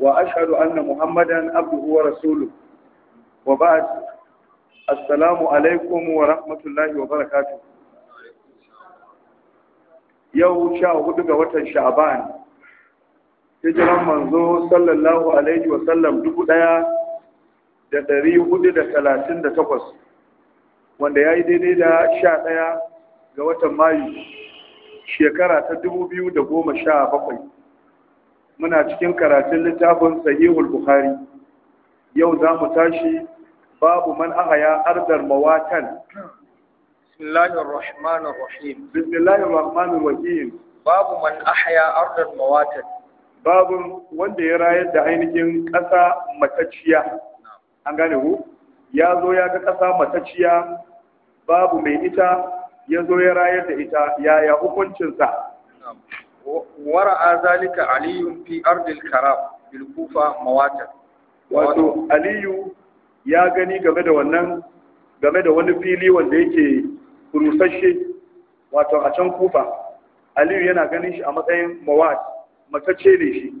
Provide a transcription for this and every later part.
وأشهد أن محمدا عبده ورسوله وبعد السلام عليكم ورحمة الله وبركاته hudu ga watan شعبان hijiran manzo sallallahu alaihi wasallam dubu ɗaya da dari hudu da talatin da takwas wanda ya yi daidai da sha ɗaya ga watan mayu shekara ta dubu biyu da goma sha bakwai muna cikin karatun littafin sahihul bukhari yau za mu tashi babu man ahaya ardar mawatan bismillahir rahmanir rahim bismillahir rahmanir rahim babu man ahaya ardar mawatan babu wanda ya rayar da ainihin ƙasa matacciya an gane ku ya zo ya ga ƙasa matacciya babu mai ita ya zo ya rayar da ita yaya hukuncinsa a zalika aliyun fi ardil karab bil kufa mawata wato aliyu ya gani game da wannan game da wani fili wanda yake rusashe wato a can kufa aliyu yana ganin shi a matsayin mawat matacce ne shi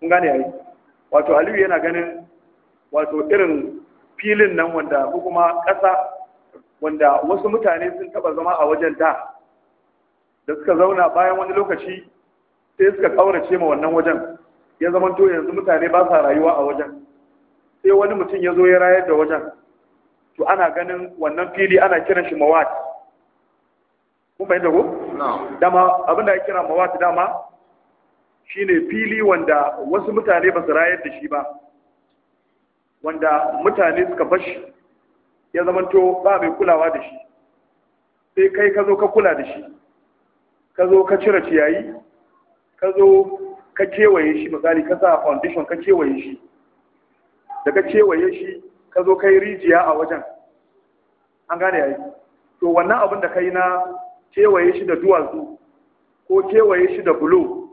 kun gane ai wato aliyu yana ganin wato irin filin nan wanda ko kuma ƙasa wanda wasu mutane sun taɓa zama a wajen da da suka zauna bayan wani lokaci sai suka kaurace ma wannan wajen ya zama to yanzu mutane ba sa rayuwa a wajen sai wani mutum ya zo ya rayar da wajen to ana ganin wannan fili ana kiran shi mawat kun da ko dama abin da ya kira mawat dama shine fili wanda wasu mutane ba su rayar da shi ba wanda mutane suka bashi ya to ba mai kulawa da shi sai kai ka zo ka kula da shi ka zo ka cire ciyayi ka zo ka kewaye shi misali ka sa foundation ka kewaye shi da ka kewaye shi ka zo kai rijiya a wajen an gane yayi to wannan abin da kai na kewaye shi da duwatsu ko kewaye shi da bulo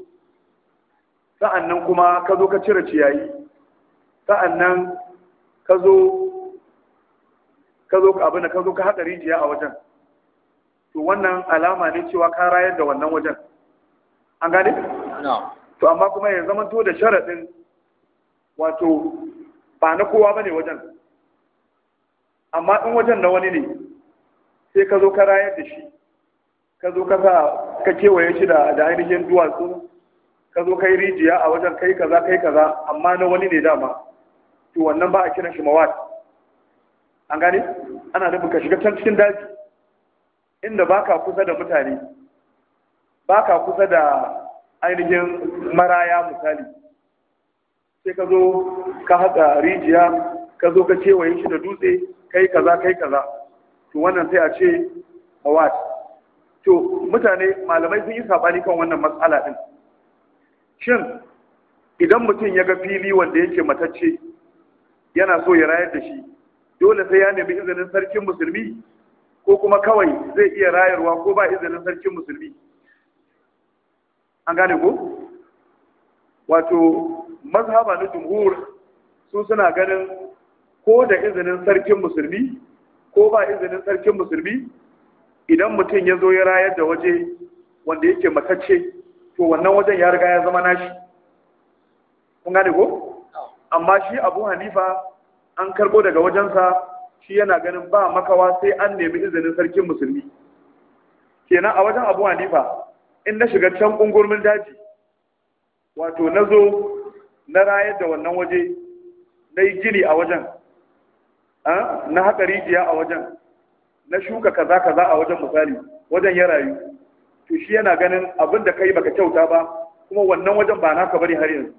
sa'annan kuma ka zo ka cire ciyayi sa'annan ka zo ka zo abin da ka zo ka haɗa rijiya a wajen to wannan alama ne cewa ka rayar da wannan wajen an gane to amma kuma ya zama to da sharaɗin wato ba na kowa bane wajen amma in wajen na wani ne sai ka zo ka rayar da shi ka zo ka ka kewaye shi da ainihin duwatsu ka zo kai rijiya a wajen kai kaza kai kaza amma na wani ne dama to wannan ba a kiran shi mawat an gane ana nufin ka shiga can cikin daji inda baka kusa da mutane baka kusa da ainihin maraya misali sai ka zo ka haɗa rijiya ka zo ka kewaye shi da dutse kai kaza kai kaza to wannan sai a ce to mutane malamai sun yi saɓani kan wannan matsala ɗin shin idan mutum ya ga fili wanda yake matacce yana so ya rayar da shi dole sai ya nemi izinin sarkin musulmi ko kuma kawai zai iya rayarwa ko ba izinin sarkin musulmi an gane ko wato mazhaba na jumhur su suna ganin ko da izinin sarkin musulmi ko ba izinin sarkin musulmi idan mutum ya zo ya rayar da waje wanda yake matacce to wannan wajen ya riga ya zama nashi kun gane ko amma shi abu hanifa an karbo daga wajensa shi yana ganin ba makawa sai an nemi izinin sarkin musulmi kenan a wajen abu hanifa in na shiga can ƙungurmin daji wato na zo na rayar da wannan waje na yi gini a wajen na haƙa rijiya a wajen na shuka kaza kaza a wajen misali wajen ya rayu to shi yana ganin abin da kai baka kyauta ba kuma wannan wajen ba naka bari har yanzu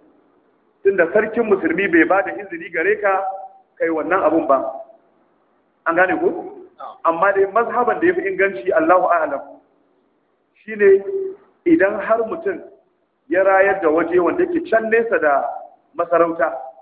tunda sarkin musulmi bai ba da izini gare ka kai wannan abun ba an gane ku? amma dai mazhaban da yafi inganci Allahu a'lam shine idan har mutum ya rayar da waje wanda yake can nesa da masarauta